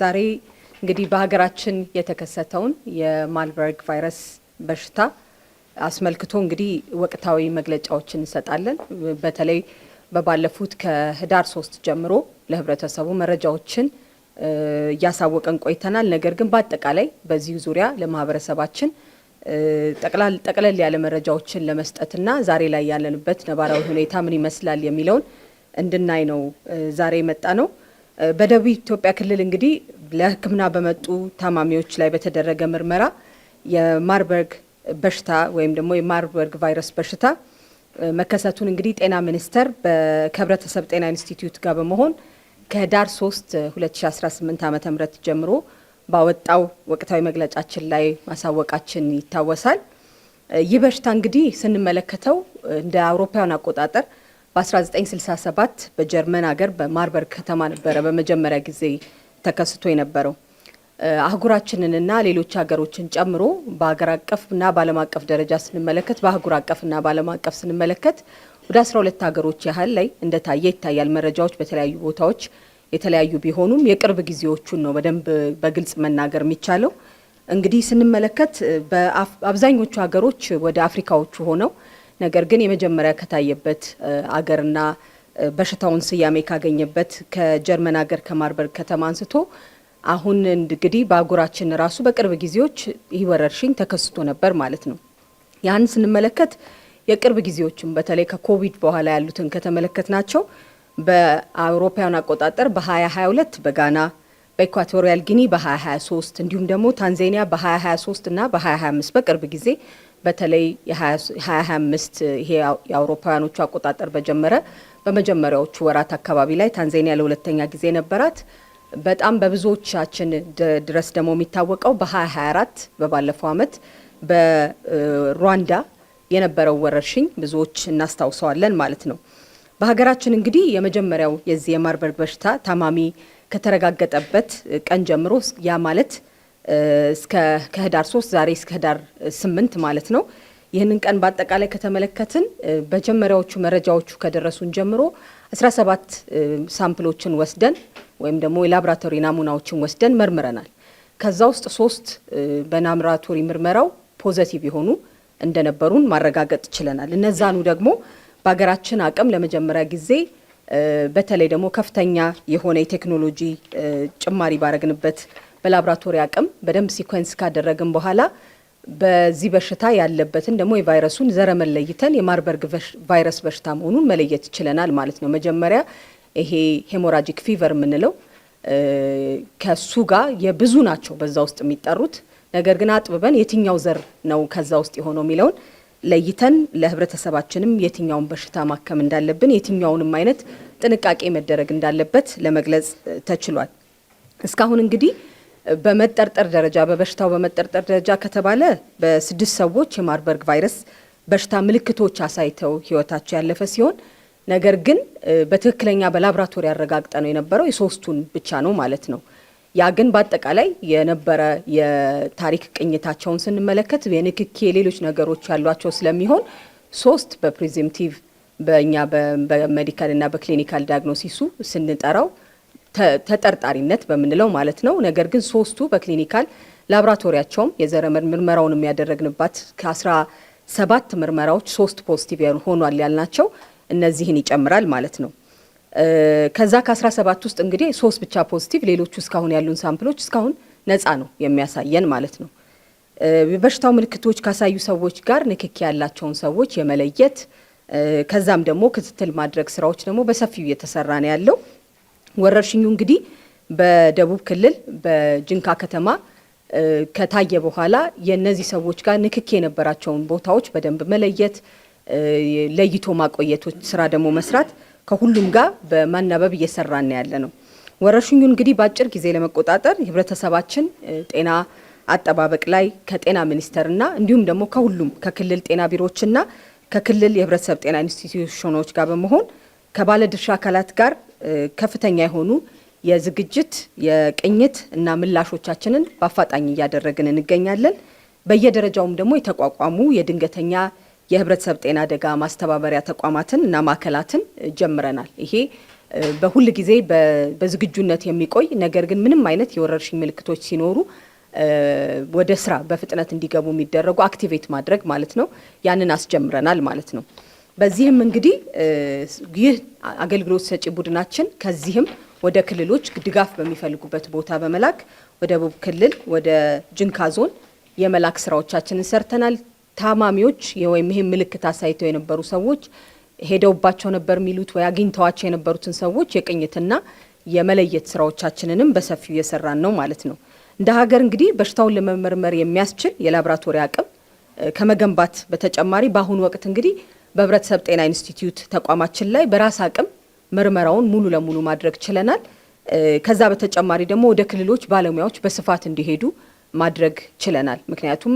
ዛሬ እንግዲህ በሀገራችን የተከሰተውን የማልበርግ ቫይረስ በሽታ አስመልክቶ እንግዲህ ወቅታዊ መግለጫዎችን እንሰጣለን። በተለይ በባለፉት ከህዳር ሶስት ጀምሮ ለህብረተሰቡ መረጃዎችን እያሳወቀን ቆይተናል። ነገር ግን በአጠቃላይ በዚህ ዙሪያ ለማህበረሰባችን ጠቅለል ያለ መረጃዎችን ለመስጠትና ዛሬ ላይ ያለንበት ነባራዊ ሁኔታ ምን ይመስላል የሚለውን እንድናይ ነው ዛሬ የመጣ ነው። በደቡብ ኢትዮጵያ ክልል እንግዲህ ለሕክምና በመጡ ታማሚዎች ላይ በተደረገ ምርመራ የማርበርግ በሽታ ወይም ደግሞ የማርበርግ ቫይረስ በሽታ መከሰቱን እንግዲህ ጤና ሚኒስቴር ከህብረተሰብ ጤና ኢንስቲትዩት ጋር በመሆን ከህዳር 3 2018 ዓ ም ጀምሮ ባወጣው ወቅታዊ መግለጫችን ላይ ማሳወቃችን ይታወሳል። ይህ በሽታ እንግዲህ ስንመለከተው እንደ አውሮፓውያን አቆጣጠር በ1967 በጀርመን ሀገር በማርበርግ ከተማ ነበረ በመጀመሪያ ጊዜ ተከስቶ የነበረው። አህጉራችንንና ሌሎች ሀገሮችን ጨምሮ በሀገር አቀፍና በዓለም አቀፍ ደረጃ ስንመለከት በአህጉር አቀፍና በዓለም አቀፍ ስንመለከት ወደ 12 ሀገሮች ያህል ላይ እንደታየ ይታያል። መረጃዎች በተለያዩ ቦታዎች የተለያዩ ቢሆኑም የቅርብ ጊዜዎቹን ነው በደንብ በግልጽ መናገር የሚቻለው። እንግዲህ ስንመለከት በአብዛኞቹ ሀገሮች ወደ አፍሪካዎቹ ሆነው ነገር ግን የመጀመሪያ ከታየበት አገርና በሽታውን ስያሜ ካገኘበት ከጀርመን ሀገር ከማርበርግ ከተማ አንስቶ አሁን እንግዲህ በአህጉራችን ራሱ በቅርብ ጊዜዎች ይህ ወረርሽኝ ተከስቶ ነበር ማለት ነው። ያን ስንመለከት የቅርብ ጊዜዎችም በተለይ ከኮቪድ በኋላ ያሉትን ከተመለከት ናቸው በአውሮፓውያን አቆጣጠር በ2022 በጋና በኢኳቶሪያል ጊኒ በ2023 እንዲሁም ደግሞ ታንዛኒያ በ2023 እና በ2025 በቅርብ ጊዜ በተለይ የ2025 ይሄ የአውሮፓውያኖቹ አቆጣጠር በጀመረ በመጀመሪያዎቹ ወራት አካባቢ ላይ ታንዛኒያ ለሁለተኛ ጊዜ ነበራት። በጣም በብዙዎቻችን ድረስ ደግሞ የሚታወቀው በ2024 በባለፈው ዓመት በሩዋንዳ የነበረው ወረርሽኝ ብዙዎች እናስታውሰዋለን ማለት ነው። በሀገራችን እንግዲህ የመጀመሪያው የዚህ የማርበርግ በሽታ ታማሚ ከተረጋገጠበት ቀን ጀምሮ ያ ማለት እስከ ከህዳር 3 ዛሬ እስከ ህዳር 8 ማለት ነው። ይህንን ቀን በአጠቃላይ ከተመለከትን በጀመሪያዎቹ መረጃዎቹ ከደረሱን ጀምሮ 17 ሳምፕሎችን ወስደን ወይም ደግሞ የላብራቶሪ ናሙናዎችን ወስደን መርምረናል። ከዛ ውስጥ ሶስት በናምራቶሪ ምርመራው ፖዘቲቭ የሆኑ እንደነበሩን ማረጋገጥ ችለናል። እነዛኑ ደግሞ በሀገራችን አቅም ለመጀመሪያ ጊዜ በተለይ ደግሞ ከፍተኛ የሆነ የቴክኖሎጂ ጭማሪ ባረግንበት በላብራቶሪ አቅም በደንብ ሲኮንስ ካደረግን በኋላ በዚህ በሽታ ያለበትን ደግሞ የቫይረሱን ዘረመን ለይተን የማርበርግ ቫይረስ በሽታ መሆኑን መለየት ይችለናል ማለት ነው። መጀመሪያ ይሄ ሄሞራጂክ ፊቨር የምንለው ከሱ ጋር የብዙ ናቸው በዛ ውስጥ የሚጠሩት ነገር ግን አጥብበን የትኛው ዘር ነው ከዛ ውስጥ የሆነው የሚለውን ለይተን ለህብረተሰባችንም የትኛውን በሽታ ማከም እንዳለብን የትኛውንም አይነት ጥንቃቄ መደረግ እንዳለበት ለመግለጽ ተችሏል። እስካሁን እንግዲህ በመጠርጠር ደረጃ በበሽታው በመጠርጠር ደረጃ ከተባለ በስድስት ሰዎች የማርበርግ ቫይረስ በሽታ ምልክቶች አሳይተው ህይወታቸው ያለፈ ሲሆን ነገር ግን በትክክለኛ በላብራቶሪ ያረጋግጠ ነው የነበረው የሶስቱን ብቻ ነው ማለት ነው። ያ ግን በአጠቃላይ የነበረ የታሪክ ቅኝታቸውን ስንመለከት የንክኪ የሌሎች ነገሮች ያሏቸው ስለሚሆን ሶስት በፕሪዚምቲቭ በእኛ በሜዲካል እና በክሊኒካል ዳያግኖሲሱ ስንጠራው ተጠርጣሪነት በምንለው ማለት ነው። ነገር ግን ሶስቱ በክሊኒካል ላብራቶሪያቸውም የዘረመል ምርመራውን የሚያደረግንባት ከአስራ ሰባት ምርመራዎች ሶስት ፖዚቲቭ ሆኗል ያልናቸው እነዚህን ይጨምራል ማለት ነው። ከዛ ከአስራ ሰባት ውስጥ እንግዲህ ሶስት ብቻ ፖዚቲቭ፣ ሌሎቹ እስካሁን ያሉን ሳምፕሎች እስካሁን ነፃ ነው የሚያሳየን ማለት ነው። በሽታው ምልክቶች ካሳዩ ሰዎች ጋር ንክኪ ያላቸውን ሰዎች የመለየት ከዛም ደግሞ ክትትል ማድረግ ስራዎች ደግሞ በሰፊው እየተሰራ ነው ያለው። ወረርሽኙ እንግዲህ በደቡብ ክልል በጅንካ ከተማ ከታየ በኋላ የእነዚህ ሰዎች ጋር ንክክ የነበራቸውን ቦታዎች በደንብ መለየት፣ ለይቶ ማቆየቶች ስራ ደግሞ መስራት ከሁሉም ጋር በማናበብ እየሰራን ያለ ነው። ወረርሽኙ እንግዲህ በአጭር ጊዜ ለመቆጣጠር ህብረተሰባችን ጤና አጠባበቅ ላይ ከጤና ሚኒስቴርና እንዲሁም ደግሞ ከሁሉም ከክልል ጤና ቢሮዎችና ከክልል የህብረተሰብ ጤና ኢንስቲትዩሽኖች ጋር በመሆን ከባለድርሻ አካላት ጋር ከፍተኛ የሆኑ የዝግጅት የቅኝት እና ምላሾቻችንን በአፋጣኝ እያደረግን እንገኛለን። በየደረጃውም ደግሞ የተቋቋሙ የድንገተኛ የህብረተሰብ ጤና አደጋ ማስተባበሪያ ተቋማትን እና ማዕከላትን ጀምረናል። ይሄ በሁል ጊዜ በዝግጁነት የሚቆይ ነገር ግን ምንም አይነት የወረርሽኝ ምልክቶች ሲኖሩ ወደ ስራ በፍጥነት እንዲገቡ የሚደረጉ አክቲቬት ማድረግ ማለት ነው። ያንን አስጀምረናል ማለት ነው። በዚህም እንግዲህ ይህ አገልግሎት ሰጪ ቡድናችን ከዚህም ወደ ክልሎች ድጋፍ በሚፈልጉበት ቦታ በመላክ ወደ ደቡብ ክልል ወደ ጅንካ ዞን የመላክ ስራዎቻችንን ሰርተናል። ታማሚዎች ወይም ይህም ምልክት አሳይተው የነበሩ ሰዎች ሄደውባቸው ነበር የሚሉት ወይ አግኝተዋቸው የነበሩትን ሰዎች የቅኝትና የመለየት ስራዎቻችንንም በሰፊው እየሰራን ነው ማለት ነው። እንደ ሀገር እንግዲህ በሽታውን ለመመርመር የሚያስችል የላብራቶሪ አቅም ከመገንባት በተጨማሪ በአሁኑ ወቅት እንግዲህ በህብረተሰብ ጤና ኢንስቲትዩት ተቋማችን ላይ በራስ አቅም ምርመራውን ሙሉ ለሙሉ ማድረግ ችለናል። ከዛ በተጨማሪ ደግሞ ወደ ክልሎች ባለሙያዎች በስፋት እንዲሄዱ ማድረግ ችለናል። ምክንያቱም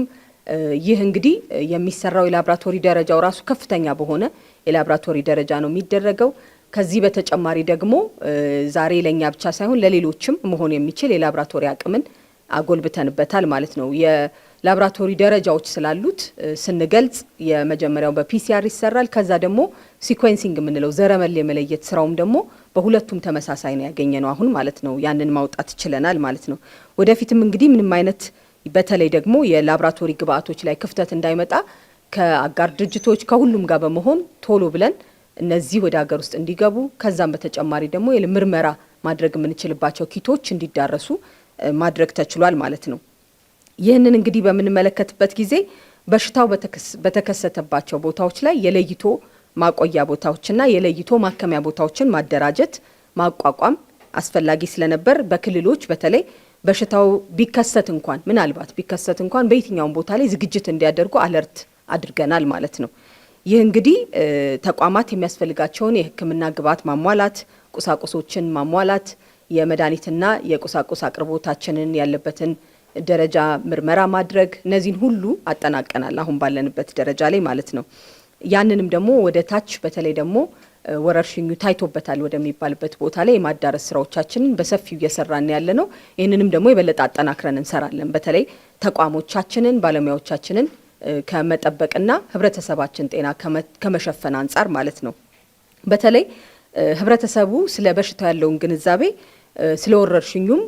ይህ እንግዲህ የሚሰራው የላብራቶሪ ደረጃው ራሱ ከፍተኛ በሆነ የላብራቶሪ ደረጃ ነው የሚደረገው። ከዚህ በተጨማሪ ደግሞ ዛሬ ለእኛ ብቻ ሳይሆን ለሌሎችም መሆን የሚችል የላብራቶሪ አቅምን አጎልብተንበታል ማለት ነው። ላብራቶሪ ደረጃዎች ስላሉት ስንገልጽ የመጀመሪያው በፒሲአር ይሰራል። ከዛ ደግሞ ሲኮንሲንግ የምንለው ዘረመል የመለየት ስራውም ደግሞ በሁለቱም ተመሳሳይ ነው ያገኘ ነው አሁን ማለት ነው። ያንን ማውጣት ችለናል ማለት ነው። ወደፊትም እንግዲህ ምንም አይነት በተለይ ደግሞ የላብራቶሪ ግብአቶች ላይ ክፍተት እንዳይመጣ ከአጋር ድርጅቶች ከሁሉም ጋር በመሆን ቶሎ ብለን እነዚህ ወደ ሀገር ውስጥ እንዲገቡ ከዛም በተጨማሪ ደግሞ ምርመራ ማድረግ የምንችልባቸው ኪቶች እንዲዳረሱ ማድረግ ተችሏል ማለት ነው። ይህንን እንግዲህ በምንመለከትበት ጊዜ በሽታው በተከሰተባቸው ቦታዎች ላይ የለይቶ ማቆያ ቦታዎችና የለይቶ ማከሚያ ቦታዎችን ማደራጀት ማቋቋም አስፈላጊ ስለነበር በክልሎች በተለይ በሽታው ቢከሰት እንኳን ምናልባት ቢከሰት እንኳን በየትኛውም ቦታ ላይ ዝግጅት እንዲያደርጉ አለርት አድርገናል ማለት ነው። ይህ እንግዲህ ተቋማት የሚያስፈልጋቸውን የሕክምና ግብዓት ማሟላት፣ ቁሳቁሶችን ማሟላት፣ የመድኃኒትና የቁሳቁስ አቅርቦታችንን ያለበትን ደረጃ ምርመራ ማድረግ እነዚህን ሁሉ አጠናቀናል። አሁን ባለንበት ደረጃ ላይ ማለት ነው። ያንንም ደግሞ ወደ ታች በተለይ ደግሞ ወረርሽኙ ታይቶበታል ወደሚባልበት ቦታ ላይ የማዳረስ ስራዎቻችንን በሰፊው እየሰራን ያለ ነው። ይህንንም ደግሞ የበለጠ አጠናክረን እንሰራለን። በተለይ ተቋሞቻችንን ባለሙያዎቻችንን ከመጠበቅና ህብረተሰባችን ጤና ከመሸፈን አንጻር ማለት ነው። በተለይ ህብረተሰቡ ስለ በሽታው ያለውን ግንዛቤ ስለ ወረርሽኙም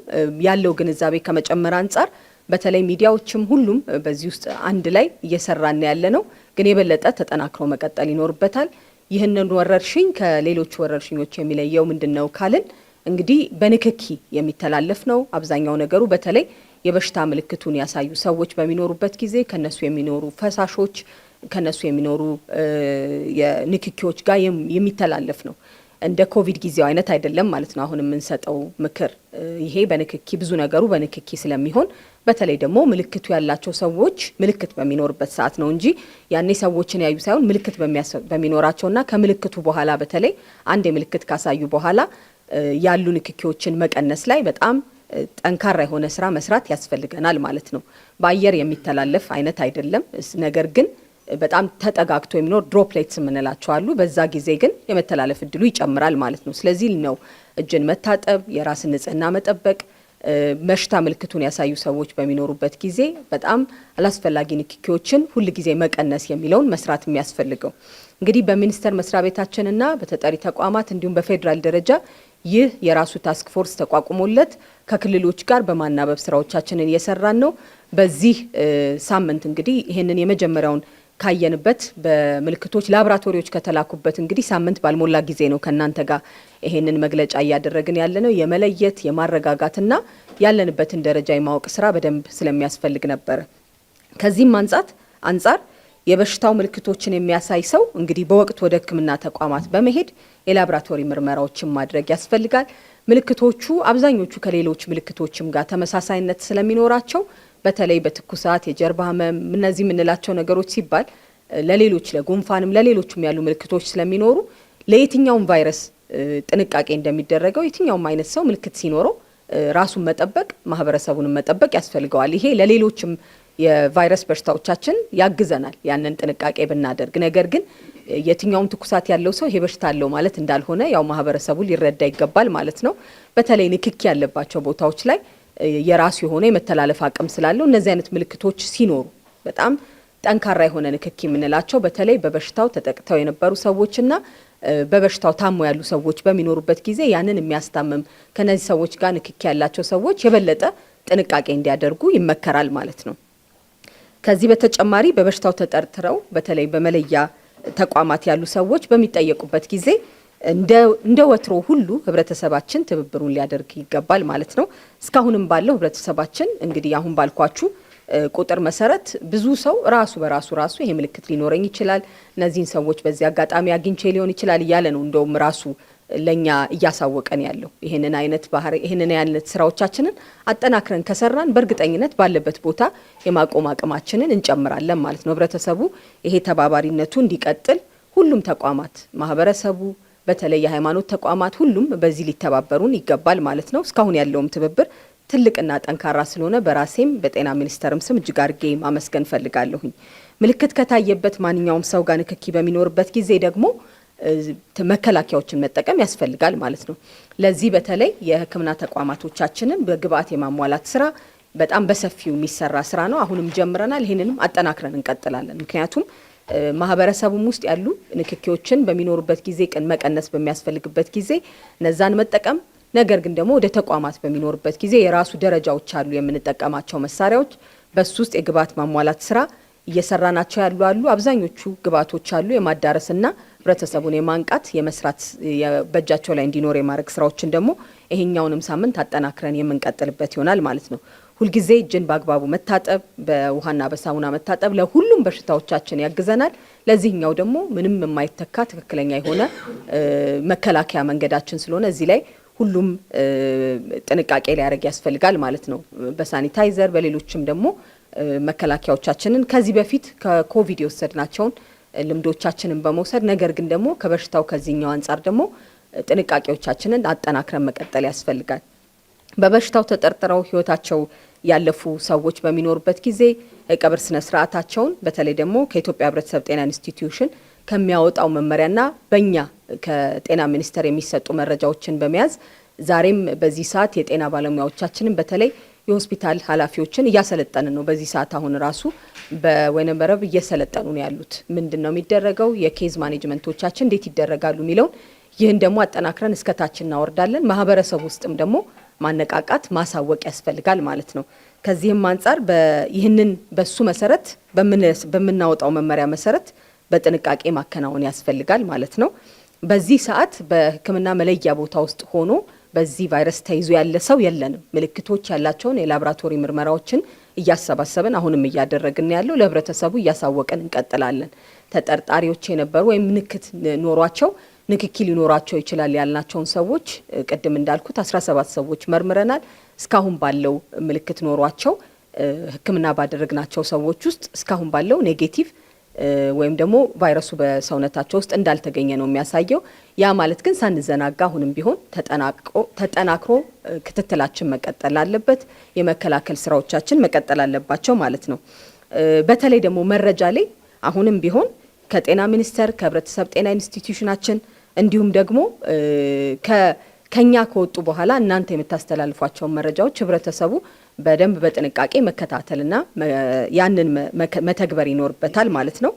ያለው ግንዛቤ ከመጨመር አንጻር በተለይ ሚዲያዎችም ሁሉም በዚህ ውስጥ አንድ ላይ እየሰራን ያለ ነው። ግን የበለጠ ተጠናክሮ መቀጠል ይኖርበታል። ይህንን ወረርሽኝ ከሌሎች ወረርሽኞች የሚለየው ምንድን ነው ካልን እንግዲህ በንክኪ የሚተላለፍ ነው። አብዛኛው ነገሩ በተለይ የበሽታ ምልክቱን ያሳዩ ሰዎች በሚኖሩበት ጊዜ ከነሱ የሚኖሩ ፈሳሾች ከነሱ የሚኖሩ ንክኪዎች ጋር የሚተላለፍ ነው። እንደ ኮቪድ ጊዜው አይነት አይደለም ማለት ነው። አሁን የምንሰጠው ምክር ይሄ በንክኪ ብዙ ነገሩ በንክኪ ስለሚሆን በተለይ ደግሞ ምልክቱ ያላቸው ሰዎች ምልክት በሚኖርበት ሰዓት ነው እንጂ ያኔ ሰዎችን ያዩ ሳይሆን ምልክት በሚኖራቸውና ከምልክቱ በኋላ በተለይ አንድ የምልክት ካሳዩ በኋላ ያሉ ንክኪዎችን መቀነስ ላይ በጣም ጠንካራ የሆነ ስራ መስራት ያስፈልገናል ማለት ነው። በአየር የሚተላለፍ አይነት አይደለም ነገር ግን በጣም ተጠጋግቶ የሚኖር ድሮፕሌትስ የምንላቸው አሉ። በዛ ጊዜ ግን የመተላለፍ እድሉ ይጨምራል ማለት ነው። ስለዚህ ነው እጅን መታጠብ፣ የራስን ንጽህና መጠበቅ በሽታ ምልክቱን ያሳዩ ሰዎች በሚኖሩበት ጊዜ በጣም አላስፈላጊ ንክኪዎችን ሁል ጊዜ መቀነስ የሚለውን መስራት የሚያስፈልገው እንግዲህ በሚኒስቴር መስሪያ ቤታችንና በተጠሪ ተቋማት እንዲሁም በፌዴራል ደረጃ ይህ የራሱ ታስክ ፎርስ ተቋቁሞለት ከክልሎች ጋር በማናበብ ስራዎቻችንን እየሰራን ነው። በዚህ ሳምንት እንግዲህ ይህንን የመጀመሪያውን ካየንበት በምልክቶች ላብራቶሪዎች ከተላኩበት እንግዲህ ሳምንት ባልሞላ ጊዜ ነው ከእናንተ ጋር ይሄንን መግለጫ እያደረግን ያለ ነው። የመለየት የማረጋጋትና ያለንበትን ደረጃ የማወቅ ስራ በደንብ ስለሚያስፈልግ ነበር። ከዚህም አንጻት አንጻር የበሽታው ምልክቶችን የሚያሳይ ሰው እንግዲህ በወቅት ወደ ሕክምና ተቋማት በመሄድ የላብራቶሪ ምርመራዎችን ማድረግ ያስፈልጋል። ምልክቶቹ አብዛኞቹ ከሌሎች ምልክቶችም ጋር ተመሳሳይነት ስለሚኖራቸው በተለይ በትኩሳት የጀርባ ህመም እነዚህ የምንላቸው ነገሮች ሲባል ለሌሎች ለጉንፋንም ለሌሎችም ያሉ ምልክቶች ስለሚኖሩ ለየትኛውም ቫይረስ ጥንቃቄ እንደሚደረገው የትኛውም አይነት ሰው ምልክት ሲኖረው ራሱን መጠበቅ ማህበረሰቡንም መጠበቅ ያስፈልገዋል። ይሄ ለሌሎችም የቫይረስ በሽታዎቻችን ያግዘናል ያንን ጥንቃቄ ብናደርግ። ነገር ግን የትኛውም ትኩሳት ያለው ሰው ይሄ በሽታ አለው ማለት እንዳልሆነ ያው ማህበረሰቡ ሊረዳ ይገባል ማለት ነው። በተለይ ንክኪ ያለባቸው ቦታዎች ላይ የራሱ የሆነ የመተላለፍ አቅም ስላለው እነዚህ አይነት ምልክቶች ሲኖሩ በጣም ጠንካራ የሆነ ንክኪ የምንላቸው በተለይ በበሽታው ተጠቅተው የነበሩ ሰዎችና በበሽታው ታሞ ያሉ ሰዎች በሚኖሩበት ጊዜ ያንን የሚያስታምም ከነዚህ ሰዎች ጋር ንክኪ ያላቸው ሰዎች የበለጠ ጥንቃቄ እንዲያደርጉ ይመከራል ማለት ነው። ከዚህ በተጨማሪ በበሽታው ተጠርጥረው በተለይ በመለያ ተቋማት ያሉ ሰዎች በሚጠየቁበት ጊዜ እንደ ወትሮ ሁሉ ህብረተሰባችን ትብብሩን ሊያደርግ ይገባል ማለት ነው። እስካሁንም ባለው ህብረተሰባችን እንግዲህ አሁን ባልኳችሁ ቁጥር መሰረት ብዙ ሰው ራሱ በራሱ ራሱ ይሄ ምልክት ሊኖረኝ ይችላል፣ እነዚህን ሰዎች በዚህ አጋጣሚ አግኝቼ ሊሆን ይችላል እያለ ነው እንደውም ራሱ ለኛ እያሳወቀን ያለው ይህንን አይነት ባህሪ ይህንን አይነት ስራዎቻችንን አጠናክረን ከሰራን በእርግጠኝነት ባለበት ቦታ የማቆም አቅማችንን እንጨምራለን ማለት ነው። ህብረተሰቡ ይሄ ተባባሪነቱ እንዲቀጥል ሁሉም ተቋማት ማህበረሰቡ በተለይ የሃይማኖት ተቋማት ሁሉም በዚህ ሊተባበሩን ይገባል ማለት ነው። እስካሁን ያለውም ትብብር ትልቅና ጠንካራ ስለሆነ በራሴም በጤና ሚኒስቴርም ስም እጅግ አድርጌ ማመስገን ፈልጋለሁኝ። ምልክት ከታየበት ማንኛውም ሰው ጋር ንክኪ በሚኖርበት ጊዜ ደግሞ መከላከያዎችን መጠቀም ያስፈልጋል ማለት ነው። ለዚህ በተለይ የሕክምና ተቋማቶቻችንን በግብአት የማሟላት ስራ በጣም በሰፊው የሚሰራ ስራ ነው። አሁንም ጀምረናል። ይህንንም አጠናክረን እንቀጥላለን። ምክንያቱም ማህበረሰቡም ውስጥ ያሉ ንክኪዎችን በሚኖሩበት ጊዜ ቅን መቀነስ በሚያስፈልግበት ጊዜ እነዛን መጠቀም ነገር ግን ደግሞ ወደ ተቋማት በሚኖርበት ጊዜ የራሱ ደረጃዎች አሉ። የምንጠቀማቸው መሳሪያዎች በሱ ውስጥ የግብዓት ማሟላት ስራ እየሰራ ናቸው ያሉ አሉ። አብዛኞቹ ግብዓቶች አሉ። የማዳረስና ህብረተሰቡን የማንቃት የመስራት በእጃቸው ላይ እንዲኖር የማድረግ ስራዎችን ደግሞ ይሄኛውንም ሳምንት አጠናክረን የምንቀጥልበት ይሆናል ማለት ነው። ሁልጊዜ እጅን በአግባቡ መታጠብ፣ በውሃና በሳሙና መታጠብ ለሁሉም በሽታዎቻችን ያግዘናል። ለዚህኛው ደግሞ ምንም የማይተካ ትክክለኛ የሆነ መከላከያ መንገዳችን ስለሆነ እዚህ ላይ ሁሉም ጥንቃቄ ሊያደርግ ያስፈልጋል ማለት ነው። በሳኒታይዘር በሌሎችም ደግሞ መከላከያዎቻችንን ከዚህ በፊት ከኮቪድ የወሰድናቸውን ልምዶቻችንን በመውሰድ ነገር ግን ደግሞ ከበሽታው ከዚህኛው አንጻር ደግሞ ጥንቃቄዎቻችንን አጠናክረን መቀጠል ያስፈልጋል። በበሽታው ተጠርጥረው ህይወታቸው ያለፉ ሰዎች በሚኖሩበት ጊዜ የቀብር ስነ ስርዓታቸውን በተለይ ደግሞ ከኢትዮጵያ ህብረተሰብ ጤና ኢንስቲትዩሽን ከሚያወጣው መመሪያና በእኛ ከጤና ሚኒስቴር የሚሰጡ መረጃዎችን በመያዝ ዛሬም በዚህ ሰዓት የጤና ባለሙያዎቻችንን በተለይ የሆስፒታል ኃላፊዎችን እያሰለጠንን ነው። በዚህ ሰዓት አሁን ራሱ በወይነ መረብ እየሰለጠኑ ነው ያሉት። ምንድን ነው የሚደረገው፣ የኬዝ ማኔጅመንቶቻችን እንዴት ይደረጋሉ የሚለውን ይህን ደግሞ አጠናክረን እስከታች እናወርዳለን። ማህበረሰብ ውስጥም ደግሞ ማነቃቃት፣ ማሳወቅ ያስፈልጋል ማለት ነው። ከዚህም አንጻር ይህንን በሱ መሰረት በምናወጣው መመሪያ መሰረት በጥንቃቄ ማከናወን ያስፈልጋል ማለት ነው። በዚህ ሰዓት በሕክምና መለያ ቦታ ውስጥ ሆኖ በዚህ ቫይረስ ተይዞ ያለ ሰው የለንም። ምልክቶች ያላቸውን የላቦራቶሪ ምርመራዎችን እያሰባሰብን አሁንም እያደረግን ያለው ለህብረተሰቡ እያሳወቅን እንቀጥላለን። ተጠርጣሪዎች የነበሩ ወይም ምልክት ኖሯቸው ንክኪ ሊኖራቸው ይችላል ያልናቸውን ሰዎች ቅድም እንዳልኩት 17 ሰዎች መርምረናል። እስካሁን ባለው ምልክት ኖሯቸው ሕክምና ባደረግናቸው ሰዎች ውስጥ እስካሁን ባለው ኔጌቲቭ ወይም ደግሞ ቫይረሱ በሰውነታቸው ውስጥ እንዳልተገኘ ነው የሚያሳየው። ያ ማለት ግን ሳንዘናጋ አሁንም ቢሆን ተጠናክሮ ክትትላችን መቀጠል አለበት፣ የመከላከል ስራዎቻችን መቀጠል አለባቸው ማለት ነው። በተለይ ደግሞ መረጃ ላይ አሁንም ቢሆን ከጤና ሚኒስቴር ከህብረተሰብ ጤና ኢንስቲትዩሽናችን እንዲሁም ደግሞ ከኛ ከወጡ በኋላ እናንተ የምታስተላልፏቸውን መረጃዎች ህብረተሰቡ በደንብ በጥንቃቄ መከታተልና ያንን መተግበር ይኖርበታል ማለት ነው።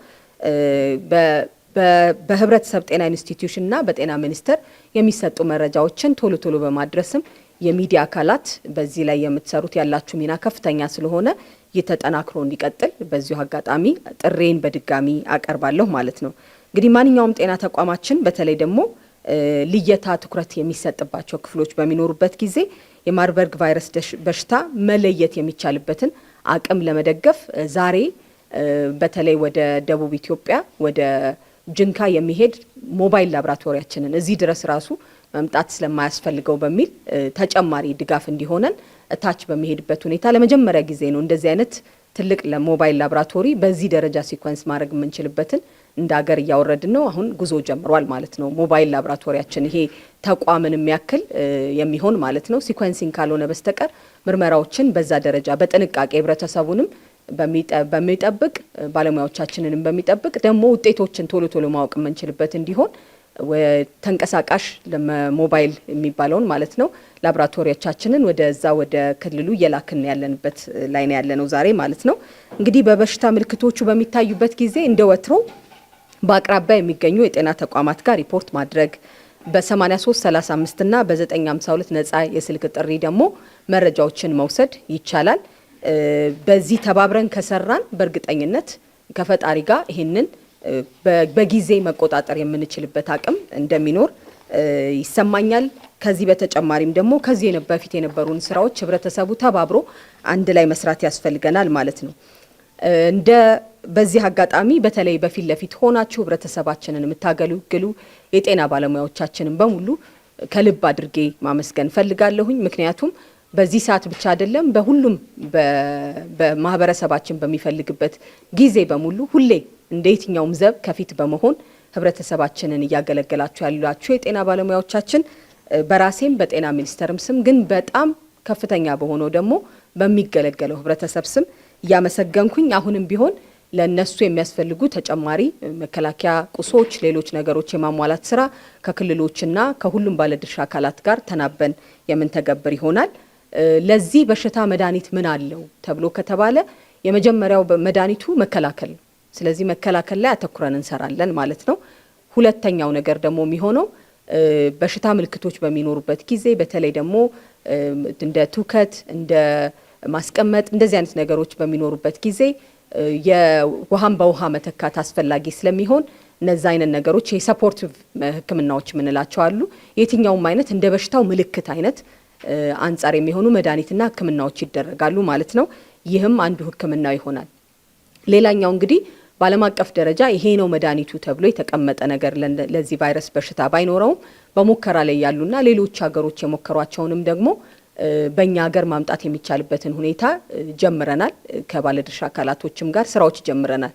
በህብረተሰብ ጤና ኢንስቲትዩሽንና በጤና ሚኒስቴር የሚሰጡ መረጃዎችን ቶሎ ቶሎ በማድረስም የሚዲያ አካላት በዚህ ላይ የምትሰሩት ያላችሁ ሚና ከፍተኛ ስለሆነ ይህ ተጠናክሮ እንዲቀጥል በዚሁ አጋጣሚ ጥሬን በድጋሚ አቀርባለሁ ማለት ነው። እንግዲህ ማንኛውም ጤና ተቋማችን በተለይ ደግሞ ልየታ ትኩረት የሚሰጥባቸው ክፍሎች በሚኖሩበት ጊዜ የማርበርግ ቫይረስ በሽታ መለየት የሚቻልበትን አቅም ለመደገፍ ዛሬ በተለይ ወደ ደቡብ ኢትዮጵያ ወደ ጅንካ የሚሄድ ሞባይል ላብራቶሪያችንን እዚህ ድረስ ራሱ መምጣት ስለማያስፈልገው በሚል ተጨማሪ ድጋፍ እንዲሆነን እታች በሚሄድበት ሁኔታ ለመጀመሪያ ጊዜ ነው እንደዚህ አይነት ትልቅ ለሞባይል ላብራቶሪ በዚህ ደረጃ ሲኳንስ ማድረግ የምንችልበትን እንደ ሀገር እያወረድን ነው። አሁን ጉዞ ጀምሯል ማለት ነው። ሞባይል ላብራቶሪያችን ይሄ ተቋምን የሚያክል የሚሆን ማለት ነው። ሲኮንሲንግ ካልሆነ በስተቀር ምርመራዎችን በዛ ደረጃ በጥንቃቄ ህብረተሰቡንም በሚጠብቅ ባለሙያዎቻችንንም በሚጠብቅ ደግሞ ውጤቶችን ቶሎ ቶሎ ማወቅ የምንችልበት እንዲሆን ተንቀሳቃሽ ሞባይል የሚባለውን ማለት ነው ላብራቶሪዎቻችንን ወደዛ ወደ ክልሉ እየላክን ያለንበት ላይ ነው ያለነው ዛሬ ማለት ነው። እንግዲህ በበሽታ ምልክቶቹ በሚታዩበት ጊዜ እንደ ወትሮ በአቅራቢያ የሚገኙ የጤና ተቋማት ጋር ሪፖርት ማድረግ በ8335 እና በ952 ነጻ የስልክ ጥሪ ደግሞ መረጃዎችን መውሰድ ይቻላል። በዚህ ተባብረን ከሰራን በእርግጠኝነት ከፈጣሪ ጋር ይህንን በጊዜ መቆጣጠር የምንችልበት አቅም እንደሚኖር ይሰማኛል። ከዚህ በተጨማሪም ደግሞ ከዚህ በፊት የነበሩን ስራዎች ህብረተሰቡ ተባብሮ አንድ ላይ መስራት ያስፈልገናል ማለት ነው እንደ በዚህ አጋጣሚ በተለይ በፊት ለፊት ሆናችሁ ህብረተሰባችንን የምታገለግሉ የጤና ባለሙያዎቻችንን በሙሉ ከልብ አድርጌ ማመስገን ፈልጋለሁኝ። ምክንያቱም በዚህ ሰዓት ብቻ አይደለም፣ በሁሉም በማህበረሰባችን በሚፈልግበት ጊዜ በሙሉ ሁሌ እንደ የትኛውም ዘብ ከፊት በመሆን ህብረተሰባችንን እያገለገላችሁ ያላችሁ የጤና ባለሙያዎቻችን በራሴም በጤና ሚኒስቴርም ስም ግን በጣም ከፍተኛ በሆነው ደግሞ በሚገለገለው ህብረተሰብ ስም እያመሰገንኩኝ አሁንም ቢሆን ለእነሱ የሚያስፈልጉ ተጨማሪ መከላከያ ቁሶች፣ ሌሎች ነገሮች የማሟላት ስራ ከክልሎችና ከሁሉም ባለድርሻ አካላት ጋር ተናበን የምንተገብር ይሆናል። ለዚህ በሽታ መድኃኒት ምን አለው ተብሎ ከተባለ የመጀመሪያው መድኃኒቱ መከላከል ነው። ስለዚህ መከላከል ላይ አተኩረን እንሰራለን ማለት ነው። ሁለተኛው ነገር ደግሞ የሚሆነው በሽታ ምልክቶች በሚኖሩበት ጊዜ በተለይ ደግሞ እንደ ትውከት፣ እንደ ማስቀመጥ እንደዚህ አይነት ነገሮች በሚኖሩበት ጊዜ የውሃን በውሃ መተካት አስፈላጊ ስለሚሆን እነዚ አይነት ነገሮች የሰፖርቲቭ ህክምናዎች የምንላቸው አሉ። የትኛውም አይነት እንደ በሽታው ምልክት አይነት አንጻር የሚሆኑ መድኃኒትና ህክምናዎች ይደረጋሉ ማለት ነው። ይህም አንዱ ህክምናው ይሆናል። ሌላኛው እንግዲህ በዓለም አቀፍ ደረጃ ይሄ ነው መድኃኒቱ ተብሎ የተቀመጠ ነገር ለዚህ ቫይረስ በሽታ ባይኖረውም በሙከራ ላይ ያሉና ሌሎች ሀገሮች የሞከሯቸውንም ደግሞ በእኛ ሀገር ማምጣት የሚቻልበትን ሁኔታ ጀምረናል። ከባለድርሻ አካላቶችም ጋር ስራዎች ጀምረናል።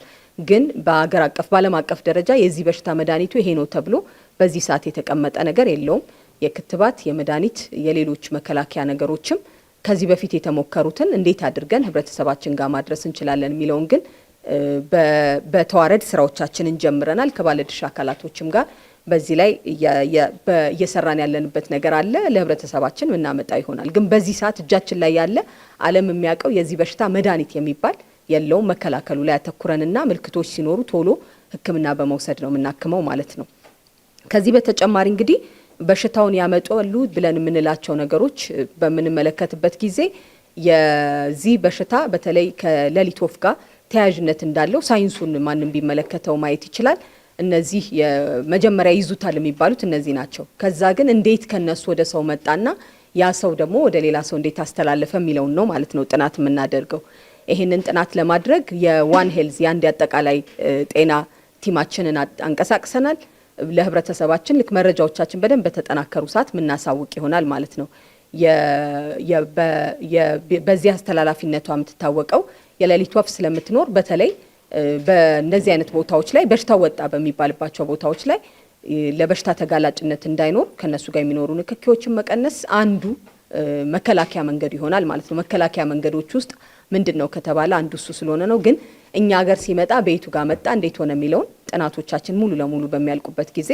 ግን በሀገር አቀፍ በዓለም አቀፍ ደረጃ የዚህ በሽታ መድኃኒቱ ይሄ ነው ተብሎ በዚህ ሰዓት የተቀመጠ ነገር የለውም። የክትባት፣ የመድኃኒት፣ የሌሎች መከላከያ ነገሮችም ከዚህ በፊት የተሞከሩትን እንዴት አድርገን ህብረተሰባችን ጋር ማድረስ እንችላለን የሚለውን ግን በተዋረድ ስራዎቻችንን ጀምረናል ከባለድርሻ አካላቶችም ጋር በዚህ ላይ እየሰራን ያለንበት ነገር አለ። ለህብረተሰባችን ምናመጣ ይሆናል። ግን በዚህ ሰዓት እጃችን ላይ ያለ ዓለም የሚያውቀው የዚህ በሽታ መድኃኒት የሚባል የለውም። መከላከሉ ላይ ና ምልክቶች ሲኖሩ ቶሎ ሕክምና በመውሰድ ነው የምናክመው ማለት ነው። ከዚህ በተጨማሪ እንግዲህ በሽታውን ያመጣሉ ብለን የምንላቸው ነገሮች በምንመለከትበት ጊዜ የዚህ በሽታ በተለይ ከሌሊት ወፍ ጋር ተያያዥነት እንዳለው ሳይንሱን ማንም ቢመለከተው ማየት ይችላል። እነዚህ የመጀመሪያ ይዙታል የሚባሉት እነዚህ ናቸው። ከዛ ግን እንዴት ከነሱ ወደ ሰው መጣና ያ ሰው ደግሞ ወደ ሌላ ሰው እንዴት አስተላለፈ የሚለውን ነው ማለት ነው ጥናት የምናደርገው። ይህንን ጥናት ለማድረግ የዋን ሄልዝ የአንድ አጠቃላይ ጤና ቲማችንን አንቀሳቅሰናል። ለህብረተሰባችን ልክ መረጃዎቻችን በደንብ በተጠናከሩ ሰዓት የምናሳውቅ ይሆናል ማለት ነው። በዚህ አስተላላፊነቷ የምትታወቀው የሌሊት ወፍ ስለምትኖር በተለይ በእነዚህ አይነት ቦታዎች ላይ በሽታ ወጣ በሚባልባቸው ቦታዎች ላይ ለበሽታ ተጋላጭነት እንዳይኖር ከነሱ ጋር የሚኖሩ ንክኪዎችን መቀነስ አንዱ መከላከያ መንገድ ይሆናል ማለት ነው። መከላከያ መንገዶች ውስጥ ምንድን ነው ከተባለ አንዱ እሱ ስለሆነ ነው። ግን እኛ ሀገር ሲመጣ በየቱ ጋር መጣ፣ እንዴት ሆነ የሚለውን ጥናቶቻችን ሙሉ ለሙሉ በሚያልቁበት ጊዜ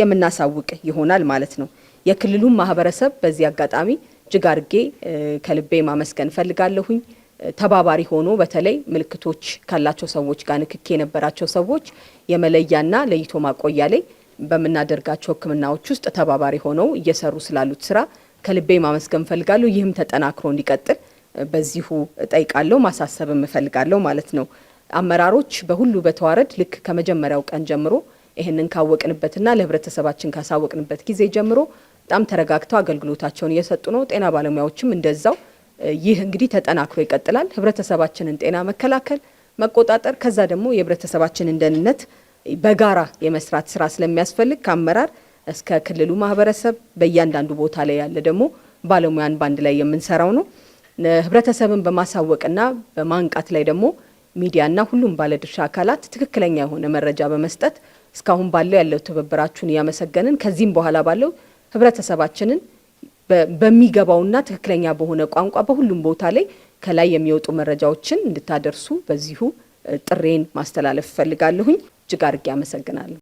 የምናሳውቅ ይሆናል ማለት ነው። የክልሉን ማህበረሰብ በዚህ አጋጣሚ እጅግ አድርጌ ከልቤ ማመስገን እፈልጋለሁኝ። ተባባሪ ሆኖ በተለይ ምልክቶች ካላቸው ሰዎች ጋር ንክክ የነበራቸው ሰዎች የመለያና ለይቶ ማቆያ ላይ በምናደርጋቸው ሕክምናዎች ውስጥ ተባባሪ ሆነው እየሰሩ ስላሉት ስራ ከልቤ ማመስገን እፈልጋለሁ። ይህም ተጠናክሮ እንዲቀጥል በዚሁ ጠይቃለው ማሳሰብም እፈልጋለሁ ማለት ነው። አመራሮች በሁሉ በተዋረድ ልክ ከመጀመሪያው ቀን ጀምሮ ይህንን ካወቅንበትና ለህብረተሰባችን ካሳወቅንበት ጊዜ ጀምሮ በጣም ተረጋግተው አገልግሎታቸውን እየሰጡ ነው። ጤና ባለሙያዎችም እንደዛው ይህ እንግዲህ ተጠናክሮ ይቀጥላል። ህብረተሰባችንን ጤና መከላከል፣ መቆጣጠር ከዛ ደግሞ የህብረተሰባችንን ደህንነት በጋራ የመስራት ስራ ስለሚያስፈልግ ከአመራር እስከ ክልሉ ማህበረሰብ በእያንዳንዱ ቦታ ላይ ያለ ደግሞ ባለሙያን በአንድ ላይ የምንሰራው ነው። ህብረተሰብን በማሳወቅና በማንቃት ላይ ደግሞ ሚዲያና ሁሉም ባለድርሻ አካላት ትክክለኛ የሆነ መረጃ በመስጠት እስካሁን ባለው ያለው ትብብራችሁን እያመሰገንን ከዚህም በኋላ ባለው ህብረተሰባችንን በሚገባውና ትክክለኛ በሆነ ቋንቋ በሁሉም ቦታ ላይ ከላይ የሚወጡ መረጃዎችን እንድታደርሱ በዚሁ ጥሬን ማስተላለፍ እፈልጋለሁኝ። እጅግ አድርጌ አመሰግናለሁ።